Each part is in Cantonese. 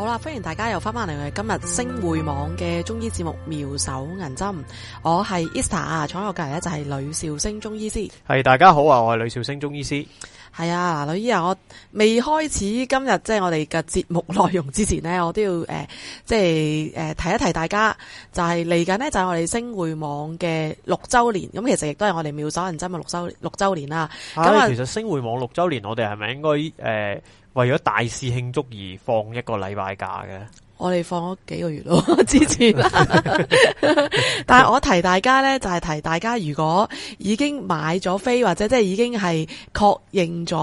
好啦，歡迎大家又翻翻嚟我哋今日星匯網嘅中醫節目《妙手銀針》，我係 e s t a 啊，坐喺我隔籬咧就係呂兆星中醫師。係大家好啊，我係呂兆星中醫師。係啊，嗱，呂醫啊，我未開始今日即係我哋嘅節目內容之前呢，我都要誒，即係誒提一提大家，就係嚟緊呢就係、是、我哋星匯網嘅六周年，咁其實亦都係我哋《妙手銀針》嘅六周六周年啦。咁、哎、其實星匯網六周年，我哋係咪應該誒？呃為咗大肆慶祝而放一個禮拜假嘅。我哋放咗幾個月咯，之前。 但係我提大家呢，就係提大家，如果已經買咗飛或者即係已經係確認咗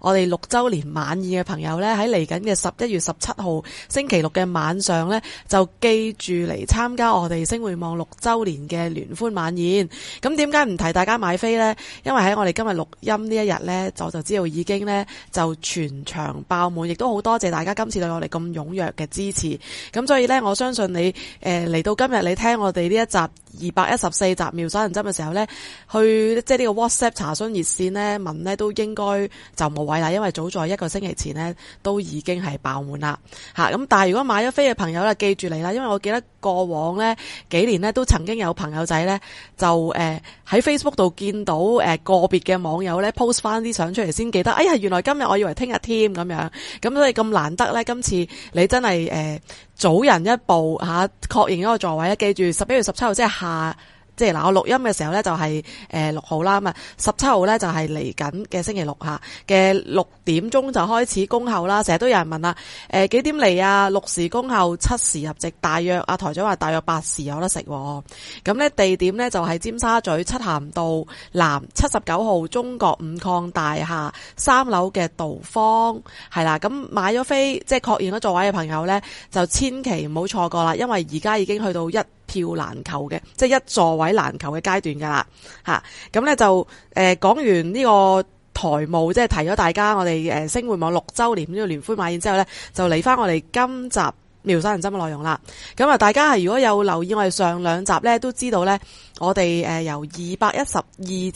我哋六周年晚宴嘅朋友呢，喺嚟緊嘅十一月十七號星期六嘅晚上呢，就記住嚟參加我哋星匯網六周年嘅聯歡晚宴。咁點解唔提大家買飛呢？因為喺我哋今日錄音呢一日呢，我就知道已經呢，就全場爆滿，亦都好多謝大家今次對我哋咁踴躍嘅支持。咁所以咧，我相信你，誒、呃，嚟到今日你聽我哋呢一集，二百一十四集妙手銀針嘅時候呢，去即係呢個 WhatsApp 查詢熱線呢，問呢都應該就冇位啦，因為早在一個星期前呢，都已經係爆滿啦嚇。咁、嗯、但係如果買咗飛嘅朋友呢，記住你啦，因為我記得過往呢幾年呢，都曾經有朋友仔呢，就誒喺、呃、Facebook 度見到誒、呃、個別嘅網友呢 post 翻啲相出嚟先記得，哎呀原來今日我以為聽日添咁樣，咁所以咁難得呢，今次你真係誒。呃早人一步吓確認嗰個座位咧，記住，十一月十七號即係下。即係嗱，我錄音嘅時候呢，就係誒六號啦，咁啊十七號呢，就係嚟緊嘅星期六下嘅六點鐘就開始恭候啦。成日都有人問啦、呃，幾點嚟啊？六時恭候，七時入席，大約阿、啊、台長話大約八時有得食喎。咁呢地點呢，就係、是、尖沙咀七鹹道南七十九號中國五礦大廈三樓嘅道方。係啦。咁買咗飛即係確認咗座位嘅朋友呢，就千祈唔好錯過啦，因為而家已經去到一。票難求嘅，即係一座位難求嘅階段噶啦，吓咁呢就誒講、呃、完呢個台務，即係提咗大家我哋誒、呃、星匯網六周年呢、這個聯歡晚宴之後呢，就嚟翻我哋今集妙手銀針嘅內容啦。咁啊，大家係如果有留意我哋上兩集呢，都知道呢，我哋誒、呃、由二百一十二集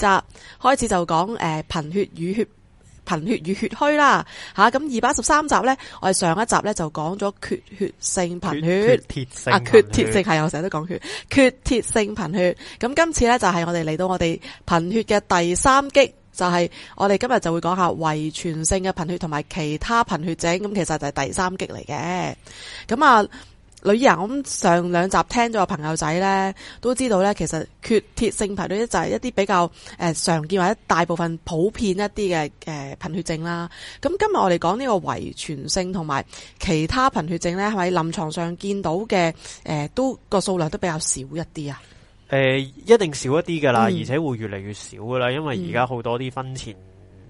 開始就講誒貧血與血。貧血與血虛啦，吓咁二百一十三集呢，我哋上一集呢就講咗缺血性貧血，血，啊缺鐵性係，我成日都講血，缺鐵性貧血。咁今次呢，就係、是、我哋嚟到我哋貧血嘅第三集，就係我哋今日就會講下遺傳性嘅貧血同埋其他貧血症，咁其實就係第三集嚟嘅，咁啊。女人，我咁上兩集聽咗個朋友仔呢，都知道呢，其實缺鐵性貧血就係一啲比較誒常見或者大部分普遍一啲嘅誒貧血症啦。咁今日我哋講呢個遺傳性同埋其他貧血症呢，係咪臨床上見到嘅誒都個數量都比較少一啲啊？誒、呃，一定少一啲㗎喇，而且會越嚟越少㗎喇，因為而家好多啲婚前。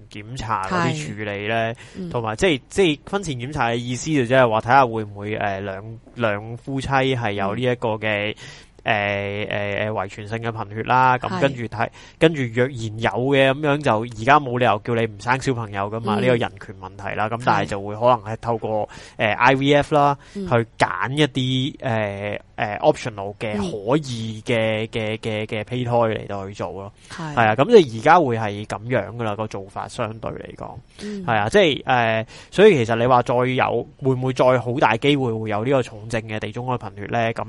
檢查嗰啲處理咧，同埋即係即係婚前檢查嘅意思就即係話睇下會唔會、呃、兩兩夫妻係有呢一個嘅。嗯誒誒誒，遺、呃呃、傳性嘅貧血啦，咁跟住睇，跟住若然有嘅咁樣，就而家冇理由叫你唔生小朋友噶嘛，呢、嗯個人權問題啦，咁、嗯、但係就會可能係透過誒、呃、IVF 啦，嗯、去揀一啲誒誒 optional 嘅、嗯、可以嘅嘅嘅嘅胚胎嚟到，去做咯。係啊，咁即係而家會係咁樣噶啦個做法，相對嚟講，係、嗯、啊，即係誒，所以其實你話再有會唔會再好大機會會有呢個重症嘅地中海貧血咧？咁。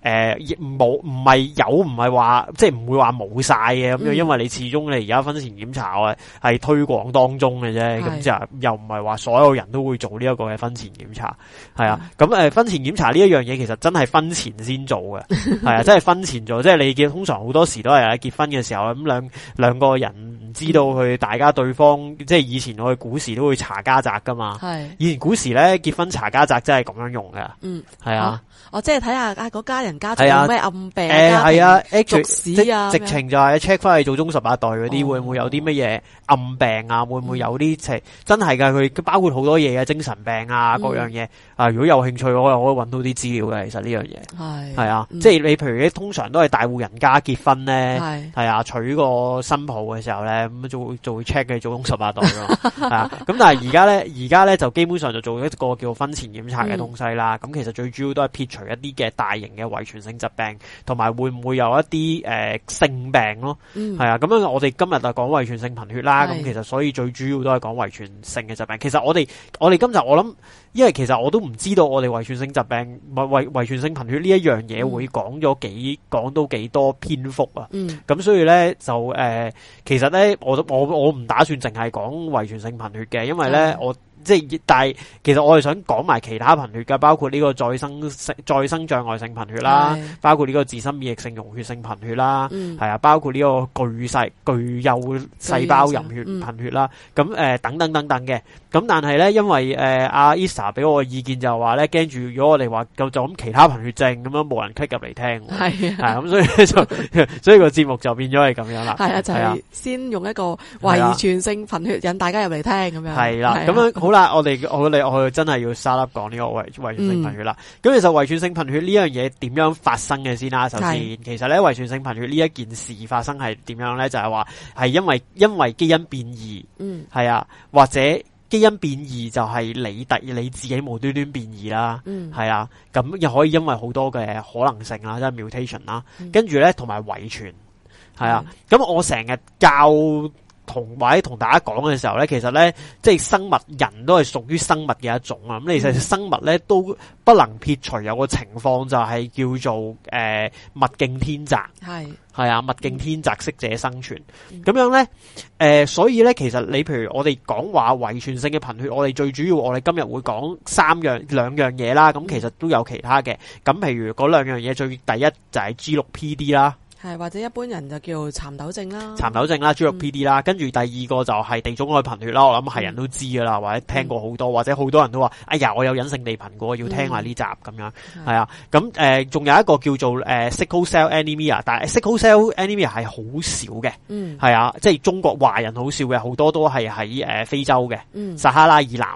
誒、呃，亦唔冇唔係有，唔係話即係唔會話冇晒嘅咁樣，嗯、因為你始終你而家婚前檢查啊係推廣當中嘅啫，咁就又唔係話所有人都會做呢一個嘅婚前檢查，係啊，咁、嗯、誒、呃、婚前檢查呢一樣嘢其實真係婚前先做嘅。係 啊，真係婚前做，即 係你見通常好多時都係喺結婚嘅時候咁兩兩個人唔知道佢、嗯、大家對方即係以前我哋古時都會查家宅噶嘛。以前古時咧結婚查家宅真係咁樣用嘅，嗯，係啊，啊，我即係睇下啊嗰家人。係啊，咩暗病啊？係啊，欸、係啊，啊直情就係 check 翻去祖宗十八代嗰啲，會唔會有啲乜嘢暗病啊？哦、會唔會有啲係、嗯、真係嘅？佢包括好多嘢嘅，精神病啊，各樣嘢、嗯、啊。如果有興趣，我又可以揾到啲資料嘅、嗯。其實呢樣嘢係啊，嗯、即係你譬如你通常都係大戶人家結婚咧，係啊，娶個新抱嘅時候咧，咁就會 check 嘅，祖宗十八代咯 啊。咁但係而家咧，而家咧就基本上就做一個叫婚前檢查嘅東西啦。咁、嗯、其實最主要都係撇除一啲嘅大型嘅遺。遺傳性疾病同埋會唔會有一啲誒、呃、性病咯？係、嗯、啊，咁樣我哋今日就講遺傳性貧血啦，咁其實所以最主要都係講遺傳性嘅疾病。其實我哋我哋今日我諗，因為其實我都唔知道我哋遺傳性疾病咪遺遺傳性貧血呢一樣嘢會講咗幾講到、嗯、幾，幾多篇幅啊？咁、嗯、所以呢，就誒、呃，其實呢，我我我唔打算淨係講遺傳性貧血嘅，因為呢，嗯、我。即係，但係其實我係想講埋其他貧血噶，包括呢個再生再生障礙性貧血啦，包括呢個自身免疫性溶血性貧血啦，係、嗯、啊，包括呢個巨細巨幼細胞溶血貧血啦，咁誒、嗯、等等等等嘅。咁但係咧，因為誒阿、啊、Isa 俾我嘅意見就話咧，驚住如果我哋話就咁其他貧血症咁樣，冇人 click 入嚟聽，係啊，咁所以就 所以個節目就變咗係咁樣啦，係啊，就係、是、先用一個遺傳性貧血引大家入嚟聽咁樣，係啦，咁樣 好啦，我哋我哋我真係要沙粒講呢個遺遺傳性貧血啦。咁、嗯、其實遺傳性貧血呢樣嘢點樣發生嘅先啦、啊？首先，其實咧遺傳性貧血呢一件事發生係點樣咧？就係話係因為因為基因變異，嗯，係啊，或者基因變異就係你突你自己無端端變異啦，嗯，係啊，咁又可以因為好多嘅可能性啦、啊，即係 mutation 啦，嗯、跟住咧同埋遺傳，係啊，咁、嗯、我成日教。同埋同大家講嘅時候呢，其實呢，即係生物人都係屬於生物嘅一種啊。咁、嗯、其實生物呢都不能撇除有個情況就係、是、叫做誒、呃、物競天擇，係，係啊，物競天擇，適、嗯、者生存。咁樣呢，誒、呃，所以呢，其實你譬如我哋講話遺傳性嘅貧血，我哋最主要我哋今日會講三樣兩樣嘢啦。咁其實都有其他嘅。咁譬如嗰兩樣嘢，最第一就係 G6PD 啦。係或者一般人就叫蠶豆症啦，蠶豆症啦，G6PD 啦，嗯、跟住第二個就係地中海貧血啦。我諗係人都知噶啦，或者聽過好多、嗯，或者好多人都話：哎呀，我有隱性地貧噶，要聽下呢集咁樣。係、嗯、啊，咁誒、啊，仲、呃、有一個叫做誒、呃、sickle cell anemia，但係、呃、sickle cell anemia 係好少嘅。嗯，係啊，即係中國華人好少嘅，好多都係喺誒非洲嘅、嗯，撒哈拉以南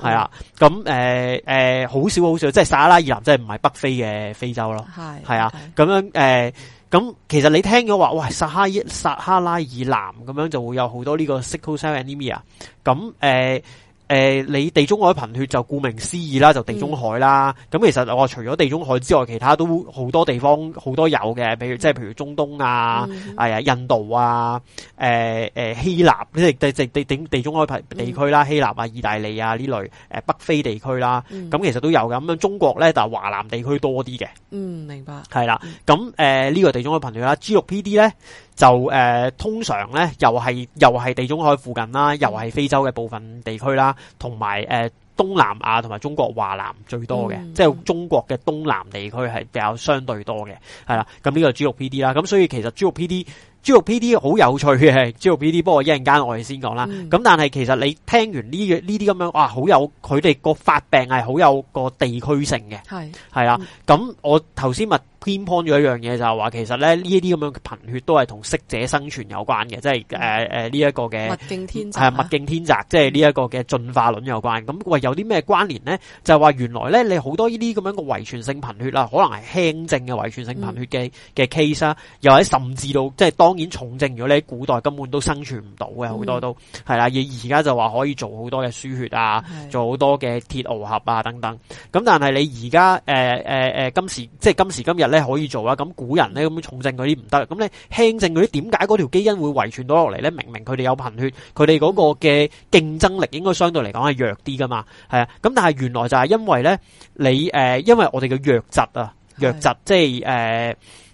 係、嗯、啊。咁誒誒，好、啊呃呃、少好少，即係撒哈拉以南，即係唔係北非嘅非洲咯。係係啊，咁、啊啊 okay. 樣誒。呃咁、嗯、其實你聽咗話，喂，撒哈撒哈拉以南咁樣就會有好多呢個 sickle cell anemia，咁、嗯呃誒、呃，你地中海貧血就顧名思義啦，就地中海啦。咁、嗯、其實我、呃、除咗地中海之外，其他都好多地方好多有嘅，譬如即係譬如中東啊，嗯、啊，印度啊，呃、希臘呢啲地地地、地、地中海貧地區啦，嗯、希臘啊、意大利啊呢類、呃、北非地區啦，咁、嗯、其實都有咁咁中國咧就華、是、南地區多啲嘅。嗯，明白。係啦，咁呢、呃這個地中海貧血啦，G6PD 咧。就誒、呃、通常咧，又係又係地中海附近啦，又係非洲嘅部分地區啦，同埋誒東南亞同埋中國華南最多嘅，嗯，即係中國嘅東南地區係比較相對多嘅，係啦。咁呢個 G6PD 啦，咁所以其實 G6PD。G6PD 好有趣嘅，G6PD，不過一陣間我哋先講啦。咁、嗯、但係其實你聽完呢呢啲咁樣，哇、啊，好有佢哋個發病係好有個地區性嘅，係係啦。咁、嗯、我頭先咪偏頗咗一樣嘢就係話，其實咧呢一啲咁樣貧血都係同適者生存有關嘅，嗯、即係誒誒呢一個嘅，係、嗯、啊，物競天擇，即係呢一個嘅進化論有關。咁喂，有啲咩關聯咧？就係、是、話原來咧你好多呢啲咁樣嘅遺傳性貧血啦，可能係輕症嘅遺傳性貧血嘅嘅、嗯、case 啦，又或者甚至到即係當。當然重症如果你喺古代根本都生存唔到嘅，好、嗯、多都係啦。而而家就話可以做好多嘅輸血啊，的做好多嘅鐵螯合啊等等。咁但係你而家誒誒誒，今時即係今時今日咧可以做啊。咁古人咧，咁重症嗰啲唔得。咁你輕症啲，點解嗰條基因會遺傳到落嚟咧？明明佢哋有貧血，佢哋嗰個嘅競爭力應該相對嚟講係弱啲噶嘛？係啊。咁但係原來就係因為咧，你誒、呃，因為我哋嘅瘧疾啊，瘧疾即係誒。呃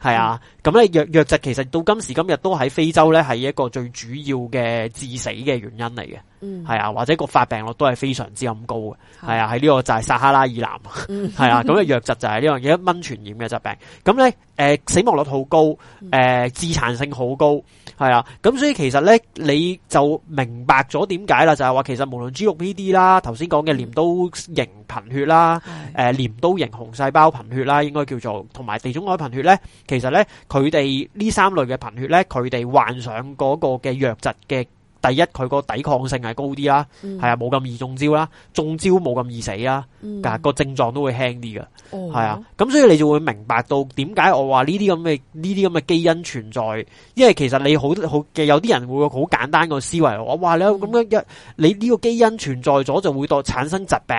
係啊，咁咧瘧瘧疾其實到今時今日都喺非洲咧係一個最主要嘅致死嘅原因嚟嘅，係、嗯、啊，或者個發病率都係非常之咁高嘅，係啊，喺呢個就係、是、撒哈拉以南，係、嗯、啊，咁嘅瘧疾就係呢樣嘢一蚊傳染嘅疾病，咁咧誒死亡率好高，誒、呃、致殘性好高，係啊，咁所以其實咧你就明白咗點解啦，就係、是、話其實無論 G6PD 啦，頭先講嘅鐮刀型貧血啦，誒鐮、呃、刀型紅細胞貧血啦，應該叫做同埋地中海貧血咧。其實咧，佢哋呢三類嘅貧血咧，佢哋患上嗰個嘅瘧疾嘅第一，佢個抵抗性係高啲啦，係、嗯、啊，冇咁易中招啦，中招冇咁易死啦，但、嗯、個、啊、症狀都會輕啲嘅，係、嗯、啊，咁、嗯嗯、所以你就會明白到點解我話呢啲咁嘅呢啲咁嘅基因存在，因為其實你好好嘅有啲人會好簡單個思維，我話你咁樣一，嗯、你呢個基因存在咗就會多產生疾病。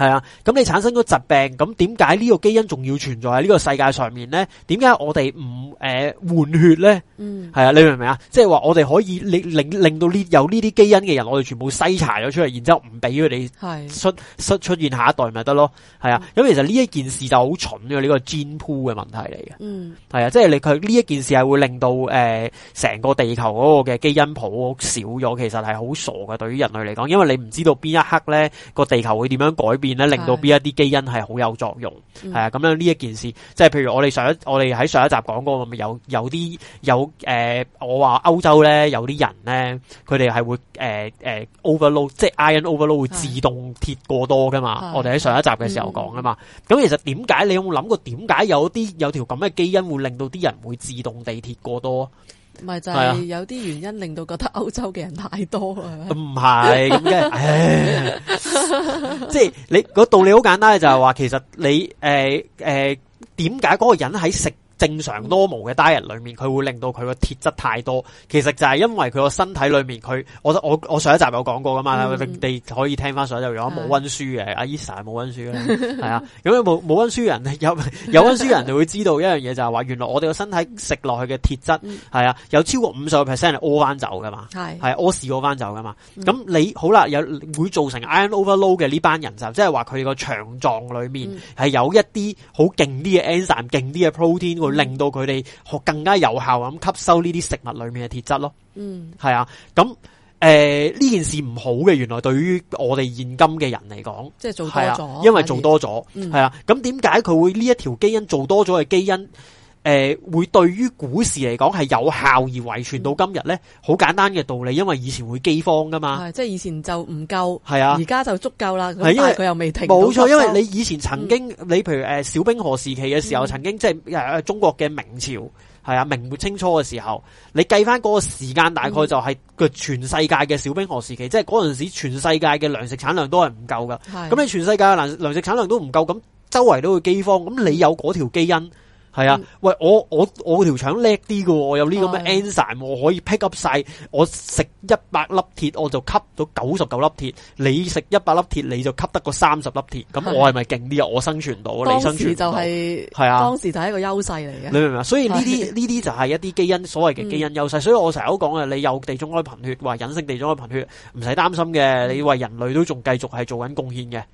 係啊，咁你產生咗疾病，咁點解呢個基因仲要存在喺呢個世界上面咧？點解我哋唔誒換血咧？嗯，係啊，你明唔明啊？即係話我哋可以令令到呢有呢啲基因嘅人，我哋全部篩查咗出嚟，然之後唔俾佢哋出出現下一代咪得咯？係啊，咁、嗯、其實呢一件事就好蠢嘅，呢個基因 pool 嘅問題嚟嘅。嗯，係啊，即係你佢呢一件事係會令到誒成個地球嗰個嘅基因 pool 少咗，其實係好傻嘅，對於人類嚟講，因為你唔知道邊一刻咧個地球會點樣改變。令到邊一啲基因係好有作用，係啊，咁樣呢一件事，即係譬如我哋上一我哋喺上一集講過，咁，有有啲有誒，我話歐洲咧有啲人咧，佢哋係會誒誒、呃呃、overload，即係 iron overload 會自動鐵過多噶嘛，我哋喺上一集嘅時候講㗎嘛，咁其實點解你有冇諗過點解有啲有條咁嘅基因會令到啲人會自動地鐵過多？唔係就係、是、有啲原因令到覺得歐洲嘅人太多啦、啊。唔係，即 係，即、就、係、是、你個道理好簡單，就係、是、話其實你誒誒，點解嗰個人喺食？正常 normal 嘅 diet 裏面，佢會令到佢個鐵質太多。其實就係因為佢個身體裏面佢，我我我上一集有講過噶嘛、嗯，你可以聽翻上一集。如果冇溫書嘅，阿 Elsa 冇溫書嘅，係啊。咁樣冇冇溫書人咧，有有溫書人就會知道一樣嘢就係、是、話原來我哋個身體食落去嘅鐵質係啊，有超過五十個 percent 係屙翻走噶嘛，係屙屎屙翻走噶嘛。咁、嗯、你好啦，有會造成 iron overload 嘅呢班人就即係話佢個腸臟裏面係、嗯、有一啲好勁啲嘅 enzyme、勁啲嘅 protein。令到佢哋學更加有效咁吸收呢啲食物裏面嘅鐵質咯，嗯，係啊，咁誒呢件事唔好嘅，原來對於我哋現今嘅人嚟講，即係做多咗，係啊，因為做多咗，係啊，咁點解佢會呢一條基因做多咗嘅基因？誒、呃，會對於古時嚟講係有效而遺傳、嗯、到今日呢，好簡單嘅道理，因為以前會饑荒噶嘛、嗯，即係以前就唔夠，係啊，啊，而家就足夠啦，係因為佢又未停，冇錯，因為你以前曾經，嗯、你譬如誒小冰河時期嘅時候，嗯、曾經即係中國嘅明朝，係啊，明末清初嘅時候，你計翻嗰個時間，大概就係個全世界嘅小冰河時期，嗯、即係嗰陣時候全世界嘅糧食產量都係唔夠噶，咁你全世界糧糧食產量都唔夠，咁周圍都會饑荒，咁你有嗰條基因。嗯係啊、嗯，喂，我我我條腸叻啲嘅，我有呢咁嘅 answer，我可以 pick up 晒，我食一百粒鐵我就吸到九十九粒鐵，你食一百粒鐵你就吸得個三十粒鐵，咁、嗯、我係咪勁啲啊？我生存到，就是，你生存唔到。就係，係啊，當時就係一個優勢嚟嘅。你明唔明啊？所以呢啲呢啲就係一啲基因所謂嘅基因優勢。嗯。所以我成日都講嘅，你有地中海貧血，話隱性地中海貧血唔使擔心嘅，你為人類都仲繼續係做緊貢獻嘅。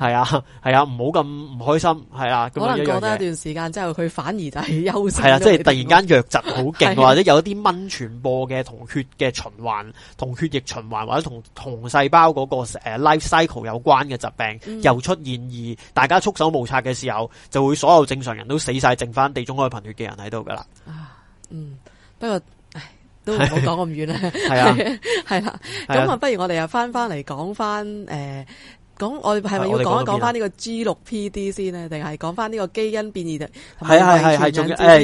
係啊係啊，唔好咁唔開心。係啊，嗯、可能過一段時間之後佢。反而就係休息係啦，即係突然間藥疾好勁、 啊，或者有一啲蚊傳播嘅同血嘅循環，同血液循環或者同細細胞嗰個誒 life cycle 有關嘅疾病又、嗯、出現，而大家束手無策嘅時候，就會所有正常人都死晒，剩翻地中海貧血嘅人喺度噶啦。啊，嗯，不過唉都唔好講咁遠啦。係 是啊，係啦，咁啊， 啊啊不如我哋又翻翻嚟講翻誒。呃講我係咪要講一講翻呢個 G6PD 先呢？定係講翻呢個基因變異嘅？係係係係，仲一樣嘢，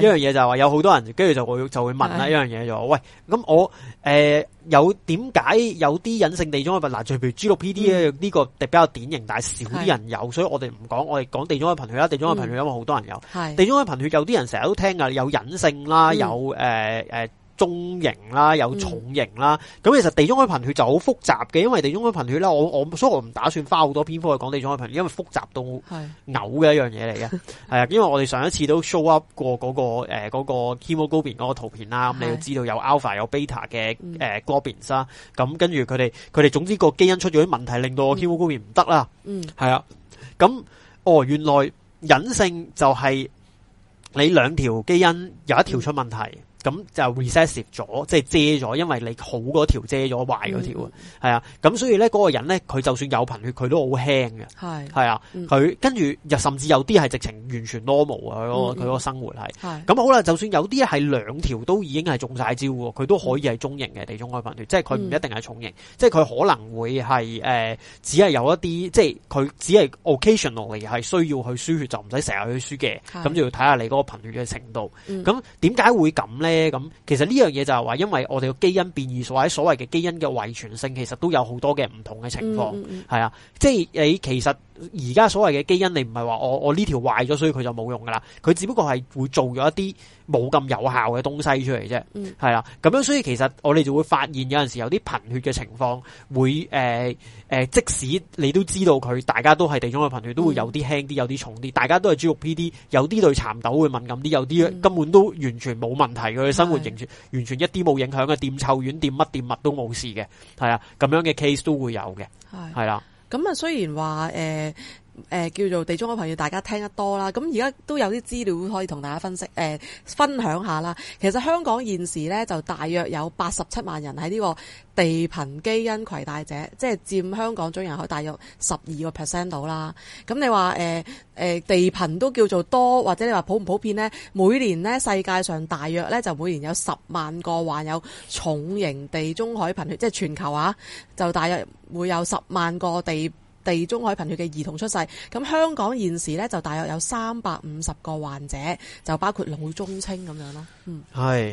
一樣嘢就係話有好多人，跟住就會就會問啦。一樣嘢就話、是、喂，咁我誒、呃、有點解有啲隱性地中海貧血？嗱、嗯，譬如 G6PD 呢個比較典型，但係少啲人有，所以我哋唔講。我哋講地中海貧血啦，地中海貧血因為好多人有。嗯、是地中海貧血有啲人成日都聽噶，有隱性啦、嗯，有誒誒。呃呃中型啦，有重型啦，咁、嗯、其實地中海貧血就好複雜嘅，因為地中海貧血啦，我我所以我唔打算花好多篇幅去講地中海貧血，因為複雜到嘔嘅一樣嘢嚟嘅。係啊，因為我哋上一次都 show up 過嗰、那個誒嗰、呃那個 hemoglobin 嗰個圖片啦，咁你要知道有 alpha 有 beta 嘅誒、嗯呃、globins、啊、咁跟住佢哋佢哋總之個基因出咗啲問題，令到 hemoglobin 唔得啦。嗯，係啊，咁哦原來隱性就係你兩條基因有一條出問題。嗯嗯咁就 recessive 咗，即、就、係、是、遮咗，因為你好嗰條遮咗壞嗰條啊，係啊，咁所以咧嗰、那個人咧，佢就算有貧血，佢都好輕嘅，係、嗯、係啊，佢、嗯、跟住又甚至有啲係直情完全 normal 啊，佢、嗯、個、嗯、生活係，咁、嗯、好啦，就算有啲係兩條都已經係中晒招，佢都可以係中型嘅地中海貧血，即係佢唔一定係重型，嗯、即係佢可能會係誒、呃，只係有一啲，即係佢只係 occasionally 係需要去輸血，就唔使成日去輸嘅，咁就要睇下你嗰個貧血嘅程度，咁點解會咁咧？咁，其實呢樣嘢就係話，因為我哋嘅基因變異，或者所謂嘅基因嘅遺傳性，其實都有好多嘅唔同嘅情況，係啊，即係你其實。而家所謂嘅基因，你唔係話我我呢條壞咗，所以佢就冇用噶啦。佢只不過係會做咗一啲冇咁有效嘅東西出嚟啫。嗯，係啊，咁樣所以其實我哋就會發現有陣時有啲貧血嘅情況會誒誒、呃呃，即使你都知道佢大家都係地中海貧血，都會有啲輕啲，有啲重啲。大家都係豬肉 PD，有啲對蠶豆會敏感啲，有啲根本都完全冇問題佢嘅生活，完全完全一啲冇影響嘅。掂臭丸，掂乜掂物都冇事嘅，係啊，咁樣嘅 case 都會有嘅，係係啦。咁啊，雖然話誒，呃誒、呃、叫做地中海貧血，大家聽得多啦。咁而家都有啲資料可以同大家分析誒、呃、分享下啦。其實香港現時呢，就大約有八十七萬人喺呢個地貧基因攜帶者，即係佔香港總人口大約十二個 percent 到啦。咁你話誒、呃呃、地貧都叫做多，或者你話普唔普遍呢？每年呢，世界上大約呢，就每年有十萬個患有重型地中海貧血，即係全球啊，就大約會有十萬個地地中海貧血嘅兒童出世，咁香港現時呢，就大約有三百五十個患者，就包括老中青咁樣啦。嗯，係，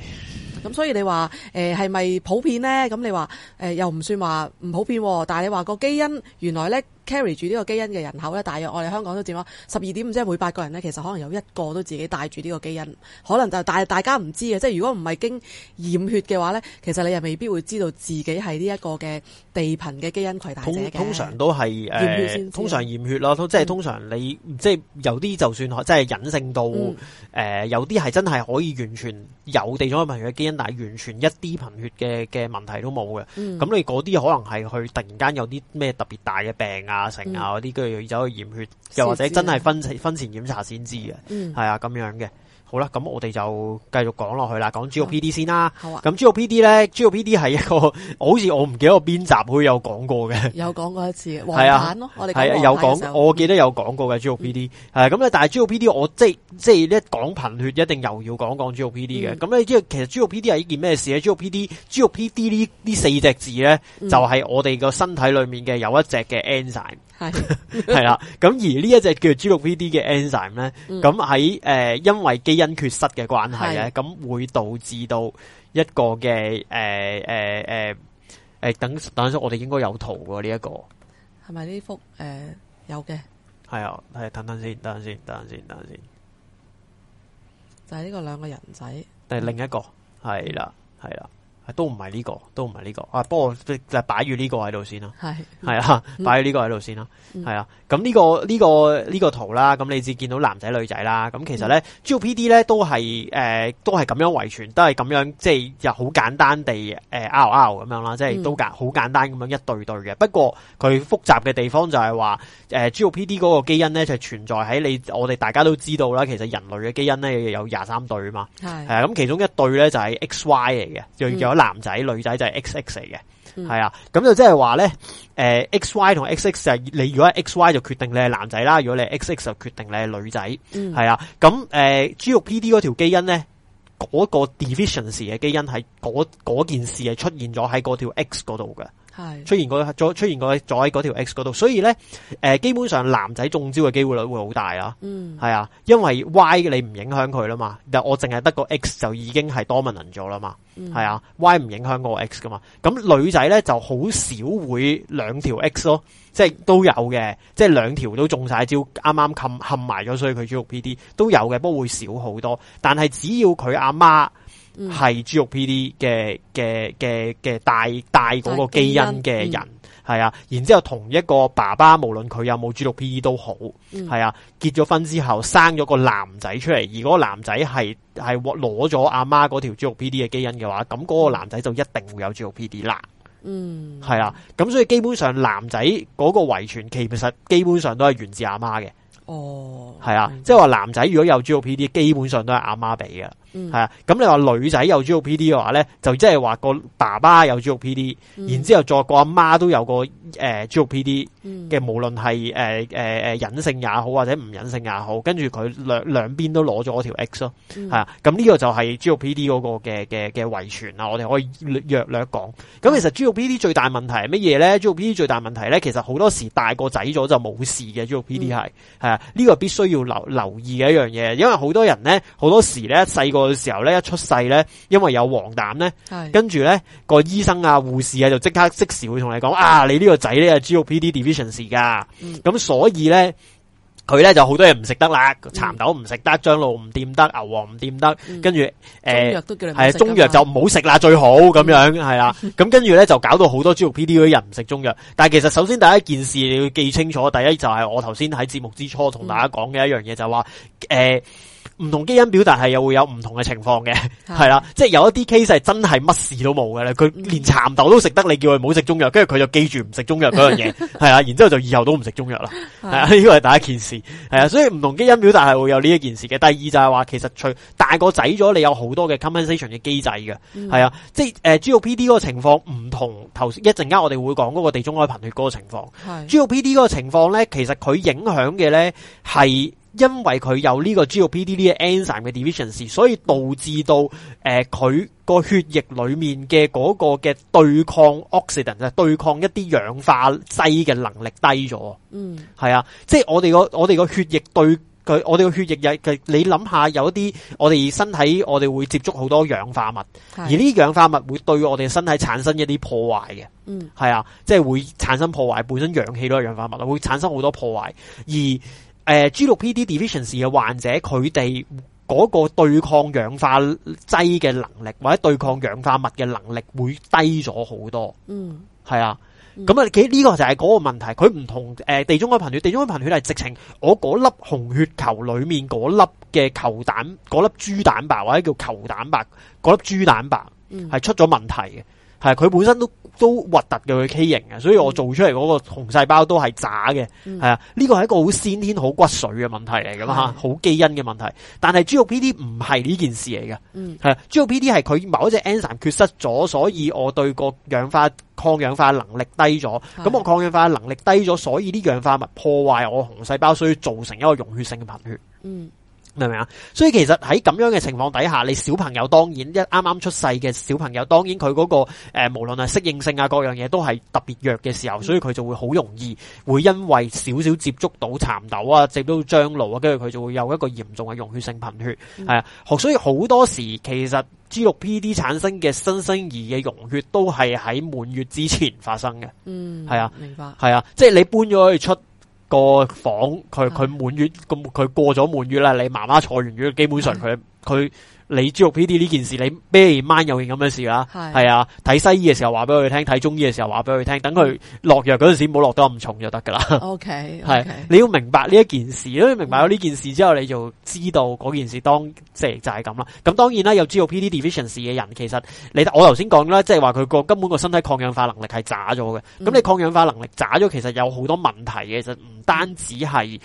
咁、嗯、所以你話誒係咪普遍咧？咁你話誒、呃、又唔算話唔普遍、啊，但係你話個基因原來咧 carry 住呢個基因嘅人口咧，大約我哋香港都佔咗十二點五即係每八個人咧，其實可能有一個都自己帶住呢個基因，可能就大大家唔知嘅，即係如果唔係經驗血嘅話咧，其實你又未必會知道自己係呢一個嘅地貧嘅基因攜帶者嘅。通常都係誒，呃、驗血通常驗血咯、嗯，即係通常你、嗯、即係有啲就算即係隱性到誒、嗯呃、有啲係真係可以完全。有地中海貧血嘅基因，但係完全一啲貧血嘅嘅問題都冇嘅。咁、嗯、你嗰啲可能係去突然間有啲咩特別大嘅病啊、成啊嗰啲，跟住要走去驗血，又或者真係婚前婚前檢查先知嘅，係啊咁樣嘅。好啦，咁我哋就繼續講落去啦，講 G 六 P D 先啦。好啊。咁 G 六 P D 咧，G 六 P D 係一個，好似我唔記得我邊集會有講過嘅。有講過一次，黃產咯，啊、我哋係啊有講、嗯，我記得有講過嘅 G 六 P D、嗯。係咁咧，但係 G 六 P D 我即係即係咧講貧血一定又要講講 G 六 P D 嘅。咁咧即其實 G 六 P D 係一件咩事咧？G 六 P D，G 六 P D 呢 G6PD, G6PD 四呢四隻字咧，就係、是、我哋個身體裏面嘅有一隻嘅 enzyme。係係啦。咁、 啊、而呢一隻叫 G 六 P D 嘅 enzyme 咧，咁喺誒因為因缺失嘅關係咧，咁會導致到一個嘅誒誒誒誒，等等陣，我哋應該有圖嘅呢一個，係咪呢幅誒、呃、有嘅？係啊，係等等先，等等先，等等先，等等先，就係、是、呢個兩個人仔，定係另一個，係啦，係啦。都唔係呢個，都唔係呢個。啊，不過即係擺住呢個喺度先啦。係係啊，擺住呢個喺度先啦。係、嗯、啊。咁呢、嗯啊這個呢個呢個圖啦，咁你至見到男仔女仔啦。咁其實咧、嗯、，G6PD 咧都係誒，都係咁樣遺傳，都係咁樣即係又好簡單地誒、呃、R R 咁樣啦，即、就、係、是、都簡好簡單咁樣一對對嘅、嗯。不過佢複雜嘅地方就係話，誒、嗯呃、G6PD 嗰個基因咧就係、存在喺你我哋大家都知道啦。其實人類嘅基因咧有廿三對啊嘛。係咁、呃、其中一對咧就係、是、X Y 嚟嘅，又、嗯男仔、女仔就係 X X 嚟嘅，係、嗯、啊，咁就即係話咧，誒、呃、，X Y 同 X X 就係你如果係 X Y 就決定你係男仔啦，如果你係 X X 就決定你係女仔，係、嗯、啊，咁誒，G6PD 嗰條基因咧，嗰、那個 deficiency 時嘅基因係嗰件事係出現咗喺嗰條 X 嗰度嘅。係出現咗出現咗喺嗰條 X 嗰度，所以咧誒、呃，基本上男仔中招嘅機會率會好大啦。嗯，係啊，因為 Y 你唔影響佢啦嘛，但我淨係得個 X 就已經係 dominant 咗啦嘛。係、嗯、啊，Y 唔影響個 X 噶嘛。咁女仔咧就好少會兩條 X 咯，即係都有嘅，即係兩條都中晒招，啱啱冚冚埋咗，所以佢 G6PD 都有嘅，不過會少好多。但係只要佢阿媽。係 G6PD 嘅嘅嘅嘅帶帶嗰個基因嘅人係啊，嗯、啊，然之後同一個爸爸，無論佢有冇 G6PD 都好，係、嗯、啊，結咗婚之後生咗個男仔出嚟，如果男仔係係攞咗阿媽嗰條 G6PD 嘅基因嘅話，咁嗰個男仔就一定會有 G6PD 啦。嗯，係啊，咁所以基本上男仔嗰個遺傳其實基本上都係源自阿媽嘅。哦，係啊，即係話男仔如果有 G6PD，基本上都係阿媽俾嘅。係、嗯、啊，咁你女話女仔有 G6PD 嘅話咧，就即係話個爸爸有 G6PD，、嗯、然之後再個阿媽都有個誒、呃、G6PD 嘅、嗯，無論係誒誒誒隱性也好，或者唔隱性也好，跟住佢兩兩邊都攞咗條 X 咯、嗯，係啊，咁呢個就係 G6PD 個嘅嘅嘅遺傳啊，我哋可以略略講。咁其實 G6PD 最大問題係乜嘢咧？G6PD 最大問題咧，其實好多時大個仔咗就冇事嘅，G6PD 係係啊，呢、這個必須要留留意嘅一樣嘢，因為好多人咧，好多時咧細個個時候咧一出世咧，因為有黃疸咧，跟住咧個醫生啊、護士啊就即刻即時會同你講、嗯、啊，你呢個仔咧係 G6PD deficiency 噶，咁、嗯、所以咧佢咧就好多嘢唔食得啦，蠶、嗯、豆唔食得，樟腦唔掂得，牛黃唔掂得，跟住誒係中藥就唔好食啦、嗯，最好咁樣係啦，咁跟住咧就搞到好多 G6PD 嗰啲人唔食中藥，但係其實首先第一件事你要記清楚，第一就係我頭先喺節目之初同大家講嘅一樣嘢、嗯、就話、是、誒。呃唔同基因表達係又會有唔同嘅情況嘅，係啦，即係有一啲 case 係真係乜事都冇嘅咧，佢連蠶豆都食得，你叫佢唔好食中藥，跟住佢就記住唔食中藥嗰樣嘢，係 啊，然之後就以後都唔食中藥啦，係啊，呢個係第一件事，係啊，所以唔同基因表達係會有呢一件事嘅。第二就係話，其實隨大個仔咗，你有好多嘅 compensation 嘅機制嘅，係、嗯、啊，即係誒 G6PD 嗰個情況唔同頭一陣間我哋會講嗰個地中海貧血嗰個情況，G6PD 嗰個情況咧，其實佢影響嘅咧係。因為佢有呢個 G6PD 呢個 enzyme 嘅 deficiency 所以導致到誒佢個血液裏面嘅嗰個嘅對抗 oxidant 就係對抗一啲氧化劑嘅能力低咗。嗯，係啊，即係我哋、個我哋個血液對佢，我哋個血液有你諗下有一啲我哋身體我哋會接觸好多氧化物，而呢啲氧化物會對我哋身體產生一啲破壞嘅。嗯，係啊，即係會產生破壞，本身氧氣都係氧化物啦，會產生好多破壞而。誒，G6PD deficiency 嘅患者，佢哋個對抗氧化劑嘅能力或者對抗氧化物嘅能力會低咗好多。嗯，係啊，咁、嗯、啊，其實呢個就係個問題。佢唔同誒、呃，地中海貧血，地中海貧血係直情我粒紅血球裏面粒嘅球蛋，粒珠蛋白或者叫球蛋白，粒珠蛋白係出咗問題嘅，係、嗯、佢、啊、本身都。都核突嘅，佢畸形嘅，所以我做出嚟嗰個紅細胞都係渣嘅，係、嗯、啊，呢個係一個好先天好骨髓嘅問題嚟噶嘛，好、嗯、基因嘅問題。但係 G6PD 唔係呢件事嚟嘅，係 G6PD 係佢某一隻 enzyme 缺失咗，所以我對個氧化抗氧化能力低咗，咁、嗯、我抗氧化能力低咗，所以啲氧化物破壞我紅細胞，所以造成一個溶血性嘅貧血。嗯明唔明啊？所以其實喺咁樣嘅情況底下，你小朋友當然一啱啱出世嘅小朋友，當然佢嗰個誒，無論係適應性啊，各樣嘢都係特別弱嘅時候，嗯、所以佢就會好容易會因為少少接觸到蠶豆啊，接到樟腦啊，跟住佢就會有一個嚴重嘅溶血性貧血，係、嗯、啊。所以好多時其實 G6PD 產生嘅新生兒嘅溶血都係喺滿月之前發生嘅，嗯，係啊，明白，係啊，即係你搬咗去出。個房佢佢滿月咁，佢過咗滿月喇。你媽媽坐完月，基本上佢佢。你 G6PD 呢件事，你咩晚有型咁嘅事啦？係啊，睇、啊、西醫嘅時候話俾佢聽，睇中醫嘅時候話俾佢聽，等佢落藥嗰陣時唔好落得咁重就得㗎啦。OK，係、okay。你要明白呢一件事，如果明白咗呢件事之後，你就知道嗰件事、嗯、當即係就係咁啦。咁當然啦，有 G6PD deficiency 嘅人，其實你我頭先講啦，即係話佢個根本個身體抗氧化能力係渣咗嘅。咁、嗯、你抗氧化能力渣咗，其實有好多問題嘅，其實唔單止係誒，係、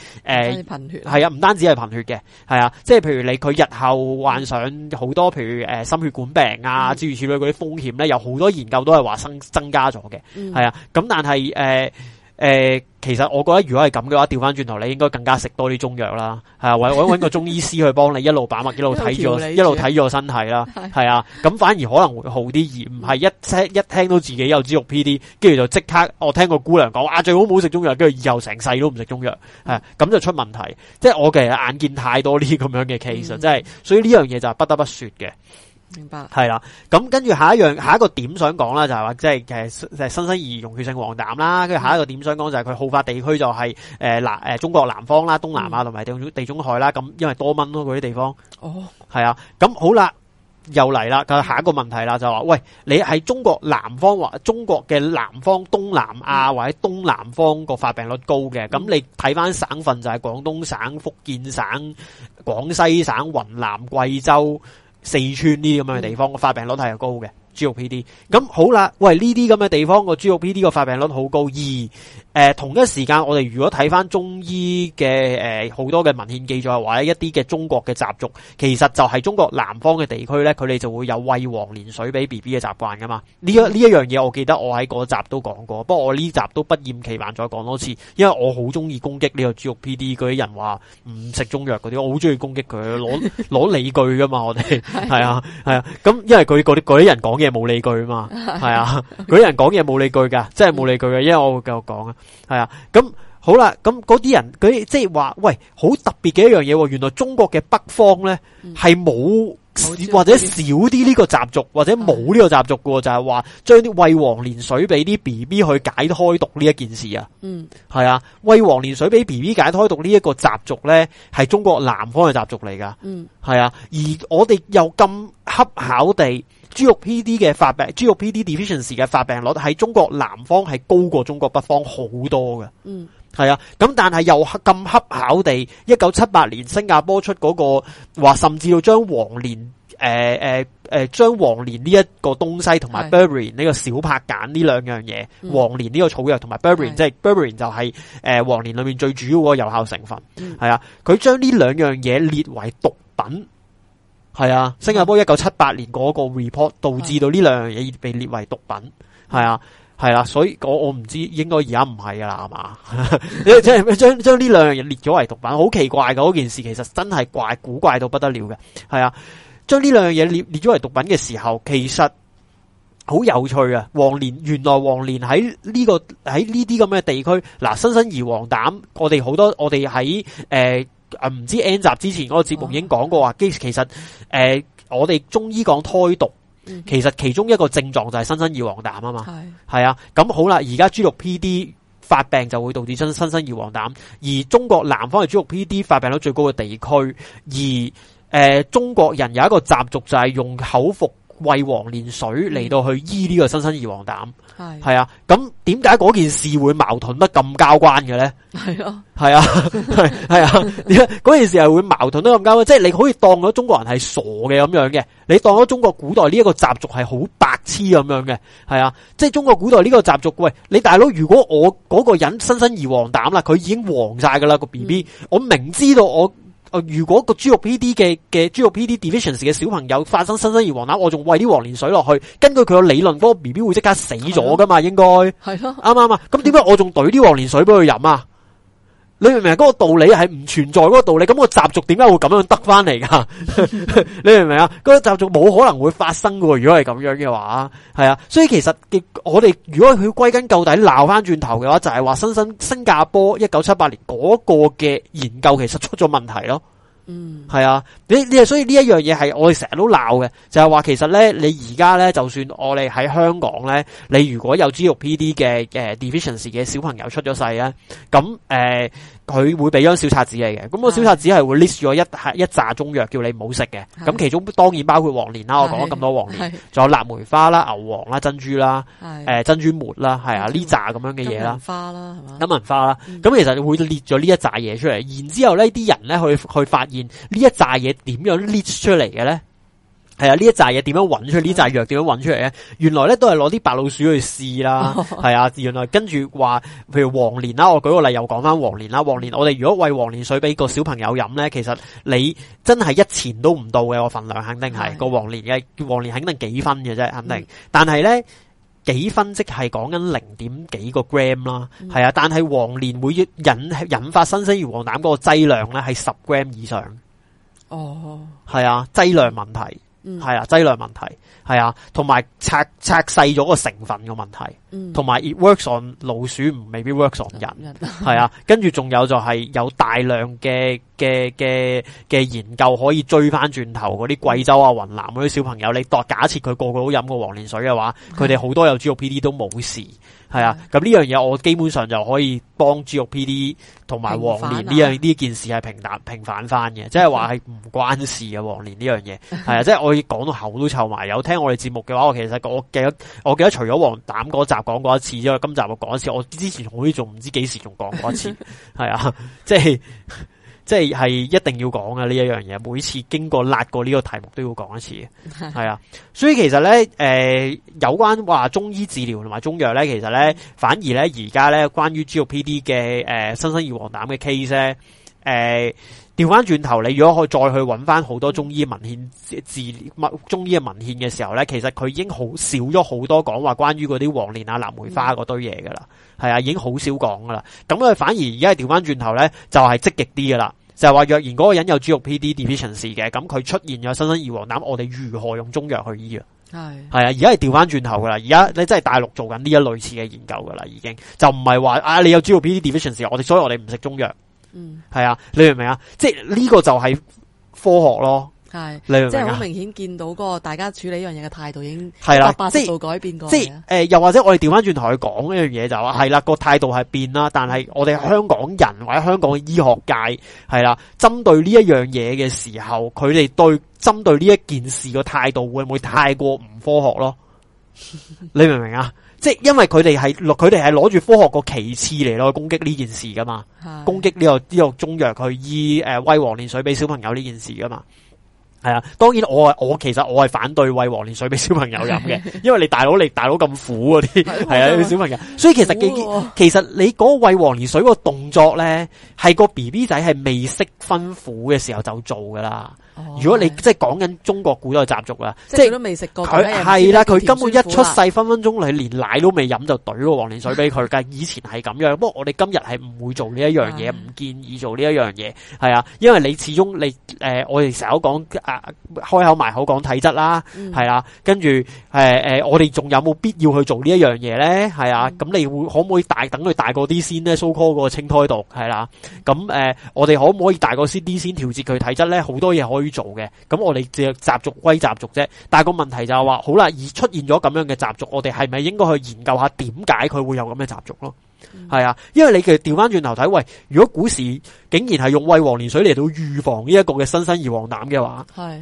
嗯呃、啊，唔單止係貧血嘅，係啊，即係譬如你佢日後幻想。好多譬如誒、呃、心血管病啊，諸如此類嗰啲風險咧，有好多研究都係話生增加咗嘅，係、嗯、啊，咁但係誒。呃誒、呃，其實我覺得如果係咁嘅話，調翻轉頭，你應該更加食多啲中藥啦，係啊，或者搵個中醫師去幫你一路把脈，一路睇住一路睇住身體啦，係啊，咁反而可能會好啲，而唔係一聽一聽到自己有 G6PD，跟住就即刻我聽個姑娘講啊，最好唔好食中藥，跟住以後成世都唔食中藥，係、嗯、咁、啊、就出問題。即係我其實眼見太多呢啲咁樣嘅 case，嗯、即係所以呢樣嘢就係不得不說嘅。明白，係啦，咁跟住下一樣，下一個點想講啦，就係話即係誒，新生兒溶血性黃疸啦。跟住下一個點想講就係佢好發地區就係誒南、誒中國南方啦、東南亞同埋地中地中海啦。咁因為多蚊咯，嗰啲地方。哦，係啊，咁好啦，又嚟啦，下一個問題啦，就話喂，你喺中國南方或中國嘅南方東南亞或者東南方個發病率高嘅，咁你睇翻省份就係廣東省、福建省、廣西省、雲南、貴州、四川呢啲咁樣嘅地方個、嗯、發病率係又高嘅 G6PD。咁好啦，喂呢啲咁嘅地方個 G6PD 個發病率好高二。誒、呃，同一時間我哋如果睇翻中醫嘅誒，好、呃、多嘅文獻記載或者一啲嘅中國嘅習俗，其實就係中國南方嘅地區咧，佢哋就會有喂黃連水俾 B B 嘅習慣噶嘛。呢一呢一樣嘢，我記得我喺嗰集都講過，不過我呢集都不厭其煩再講多次，因為我好中意攻擊呢個豬肉 P D 嗰啲人話唔食中藥嗰啲，我好中意攻擊佢，攞攞 理據噶嘛，我哋係啊係啊，咁、 啊啊、因為佢嗰啲啲人講嘢冇理據嘛，係啊，嗰啲人講嘢冇理據噶，真係冇理據嘅，因為我會繼續講啊。係啊，咁好啦，咁嗰啲人，佢即係話，喂，好特別嘅一樣嘢，原來中國嘅北方咧係冇或者少啲呢個習俗，或者冇呢個習俗喎。」就係話將啲喂黃連水俾啲 B B 去解胎毒呢一件事啊，嗯，係啊，喂黃連水俾 B B 解胎毒習呢一個習俗咧，係中國南方嘅習俗嚟噶，嗯，係啊，而我哋又咁恰巧地。G6PD 嘅發病，G6PD deficiency 嘅發病率喺中國南方係高過中國北方好多嘅。嗯，係啊。咁但係又咁恰巧地，一九七八年新加坡出嗰、那個話，甚至要將黃連，誒誒誒，將黃連呢一個東西同埋 berberine 呢個小檗鹼呢兩樣嘢，嗯、黃連呢個草藥同埋 berberine 即係 berberine 就係誒、就是呃、黃連裏面最主要個有效成分。係、嗯、啊，佢將呢兩樣嘢列為毒品。係啊，新加坡一九七八年嗰個 report 導致到呢兩樣嘢被列為毒品，係、嗯、啊，係啦、啊，所以我我唔知應該而家唔係噶啦，係嘛，即係將將呢兩樣嘢列咗為毒品，好奇怪噶，嗰件事其實真係怪古怪到不得了嘅，係啊，將呢兩樣嘢列列咗為毒品嘅時候，其實好有趣啊，黃連原來黃連喺呢個喺呢啲咁嘅地區，嗱，新生兒黃疸，我哋好多我哋喺誒。呃唔知 n 集之前嗰個節目已經講過話，其實誒、呃，我哋中醫講胎毒，其實其中一個症狀就係新生兒黃疸啊嘛，係、嗯、啊，咁好啦，而家豬肉 P D 發病就會導致新新生兒黃疸，而中國南方係豬肉 P D 發病率最高嘅地區，而誒、呃、中國人有一個習俗就係用口服。餵黃連水嚟到去醫呢個新生兒黃疸，係、嗯、啊，咁點解嗰件事會矛盾得咁交關嘅咧？係咯，係啊，係 係啊，嗰、啊、件事係會矛盾得咁交關，即係你可以當咗中國人係傻嘅咁樣嘅，你當咗中國古代呢一個習俗係好白痴咁樣嘅，係啊，即係中國古代呢個習俗，喂，你大佬如果我嗰個人新生兒黃疸啦，佢已經黃晒噶啦個 B B，我明知道我。呃、如果個 G6PD 嘅嘅 G6PD deficiency 嘅小朋友發生新生，生兒黃疸，我仲餵啲黃連水落去，根據佢個理論，個 B.B. 會即刻死咗噶嘛？應該係咯，啱啱啊！咁點解我仲懟啲黃連水俾佢飲啊？你明唔明嗰個道理係唔存在嗰、那個道理？咁、那個習俗點解會咁樣得翻嚟噶？ 你明唔明啊？嗰、那個習俗冇可能會發生噶。如果係咁樣嘅話，係啊。所以其實我哋如果佢歸根究底鬧翻轉頭嘅話，就係、是、話新新新加坡一九七八年嗰個嘅研究其實出咗問題咯。嗯，係啊。你你所以呢一樣嘢係我哋成日都鬧嘅，就係、是、話其實咧，你而家咧，就算我哋喺香港咧，你如果有 G 六 P D 嘅、呃、deficiency 嘅小朋友出咗世啊。咁誒。呃佢會俾張小冊子嚟嘅，咁個小冊子係會 list 咗一係一紮中藥叫你唔好食嘅，咁其中當然包括黃連啦，我講咗咁多黃連，仲有臘梅花啦、牛黃啦、珍珠啦，呃、珍珠末啦，係啊，呢紮咁樣嘅嘢啦。花啦係嘛？金銀花啦，咁其實會列咗呢一紮嘢出嚟，然之後呢啲人咧去去發現一呢一紮嘢點樣 list 出嚟嘅咧？係啊，呢一紮嘢點樣揾出呢？呢扎藥點樣揾出嚟咧？原來咧都係攞啲白老鼠去試啦。係、哦、啊，原來跟住話，譬如黃連啦，我舉個例又講翻黃連啦。黃連我哋如果喂黃連水俾個小朋友飲咧，其實你真係一錢都唔到嘅我份量，肯定係個黃連嘅黃連肯定幾分嘅啫，肯定。嗯、但係咧幾分即係講緊零點幾個 gram 啦，係啊。但係黃連會引引發新生兒黃疸嗰個劑量咧係十 gram 以上。哦，係啊，劑量問題。嗯，係啊，劑量問題，係啊，同埋拆拆細咗個成分嘅問題，同、嗯、埋 it works on 老鼠，唔，未必 works on 人，係 啊，跟住仲有就係有大量嘅嘅嘅嘅研究可以追翻轉頭嗰啲貴州啊、雲南嗰啲小朋友，你代假設佢個個都飲過黃連水嘅話，佢哋好多有 G6PD 都冇事。係啊，咁呢樣嘢我基本上就可以幫 G6PD 同埋黃連呢樣呢件事係平淡平反翻嘅，即係話係唔關事嘅。黃連呢樣嘢係啊，即係我講到口都臭埋。有聽我哋節目嘅話，我其實我記得我記得除咗黃疸嗰集講過一次啫，今集我講一次，我之前好似仲唔知幾時仲講過一次，係 啊，即係。即係一定要講嘅呢一樣嘢，每次經過辣過呢個題目都要講一次，係 啊。所以其實呢，誒、呃、有關話中醫治療同埋中藥呢，其實呢，嗯、反而呢，而家呢關於 G6PD 嘅誒新生兒黃疸嘅 case 呢，誒調翻轉頭，你、呃呃、如果可以再去揾翻好多中醫文獻治中醫嘅文獻嘅時候呢，其實佢已經好少咗好多講話關於嗰啲黃連啊、臘梅花嗰、啊嗯、堆嘢噶啦。係啊，已經好少講噶啦。咁佢反而而家係調翻轉頭咧，就係積極啲噶啦。就係話若然嗰個人有 G6PD deficiency 嘅，咁佢出現咗新生兒黃疸，我哋如何用中藥去醫啊？係係啊，而家係調翻轉頭噶啦。而家你真係大陸做緊呢一類似嘅研究噶啦，已經就唔係話啊你有 G6PD deficiency，我哋所以我哋唔食中藥。嗯，係啊，你明唔明啊？即係呢個就係科學咯。是你即係好明顯見到個個大家處理一樣嘢嘅態度已經百八十度改變過是。即係、呃、又或者我哋調翻轉同佢講呢樣嘢就係啦，個態 度係變啦。但係我哋香港人 或者香港醫醫學界係啦，針對呢一樣嘢嘅時候，佢哋對針對呢一件事個態度會唔會太過唔科學咯？ 你明唔明啊？即係因為佢哋係攞佢哋係攞住科學個旗幟嚟咯， 攻擊呢件事噶嘛？攻擊呢個呢個中藥去醫誒、呃、餵黃連水俾小朋友呢件事噶嘛？.係啊，當然我係我其實我係反對餵黃連水俾小朋友飲嘅， 因為你大佬你大佬咁苦嗰啲，係 啊小朋友，所以其實其、啊、其實你嗰個餵黃連水個動作咧，係個 B B 仔係未識分苦嘅時候就做噶啦。如果你、哦、即係講緊中國古代個習俗啦，即係佢都未食過 AMC，佢係啦，佢根本一出世分分鐘你連奶都未飲就懟個黃連水俾佢噶。 以前係咁樣，不過我哋今日係唔會做呢一樣嘢，唔建議做呢一樣嘢，係啊，因為你始終你誒、呃，我哋成日都講啊，開口埋口講體質啦，係啦，跟住誒誒，我哋仲有冇必要去做呢一樣嘢咧？係啊，咁、嗯、你會可唔可以大等佢大過呢、so、個啲先咧？so-called 嗰個清胎毒係啦，咁誒、嗯呃，我哋可唔可以大個先啲先調節佢體質咧？好多嘢可以。做嘅，咁我哋就習俗歸習俗啫。但係個問題就係話，好啦，而出現咗咁樣嘅習俗，我哋係咪應該去研究下點解佢會有咁嘅習俗咯？係、嗯、啊，因為你其實調翻轉頭睇，喂，如果古時竟然係用餵黃連水嚟到預防呢一個嘅新生兒黃疸嘅話，係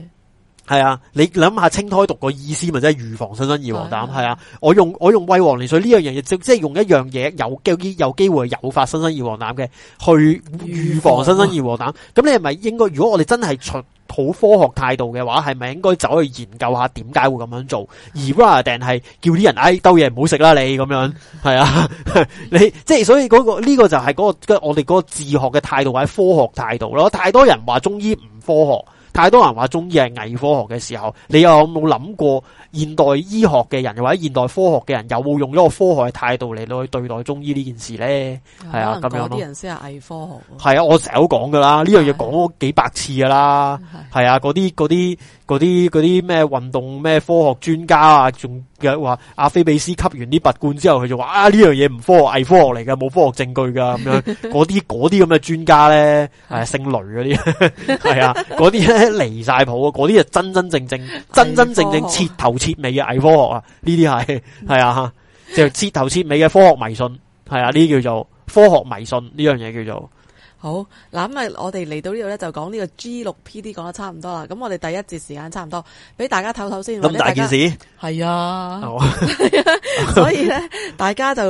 係啊，你諗下清胎毒個意思預身身，咪即係預防新生兒黃疸？係啊，我用我用餵黃連水呢樣嘢，即即係用一樣嘢有機有機會誘發新生兒黃疸嘅，去預防新生兒黃疸。咁、啊、你係咪應該？如果我哋真係從好科學態度嘅話，係咪應該走去研究下點解會咁樣做，而 rather 定係叫啲人唉，兜嘢唔好食啦，你咁樣係啊？ 你即係所以嗰個呢個就係嗰個我哋嗰個自學嘅態度或者科學態度咯。太多人話中醫唔科學，太多人話中醫係偽科學嘅時候，你有冇諗過？現代醫學嘅人或者現代科學嘅人有冇用一個科學嘅態度嚟去對待中醫呢件事咧？係啊，咁樣咯。啲人先係偽科學。係啊，我成日都講㗎啦，呢樣嘢講咗幾百次㗎啦。係啊，嗰啲嗰啲嗰啲嗰啲咩運動咩科學專家啊，仲嘅話阿菲比斯吸完啲拔罐之後，佢就話啊呢樣嘢唔科學，偽科學嚟嘅，冇科學證據㗎咁 樣。嗰啲嗰啲咁嘅專家咧係、啊、姓雷嗰啲，係 啊，嗰啲咧離曬譜啊，嗰啲係真真正正、真真正正切頭，切尾嘅偽科學啊，呢啲係係啊，就切頭切尾嘅科學迷信，係啊，呢啲叫做科學迷信呢樣嘢叫做好。嗱咁啊，我哋嚟到呢度咧就講呢個 G6PD 講得差唔多啦。咁我哋第一節時間差唔多，俾大家唞唞先。咁大件事係啊、哦， 所以咧大家就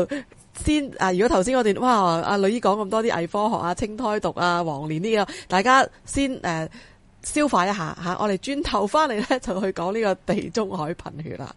先啊，如果頭先我哋哇，阿女姨講咁多啲偽科學啊、清胎毒啊、黃連呢個，大家先誒。啊消化一下吓，我哋轉頭翻嚟咧，就去講呢個地中海貧血啦。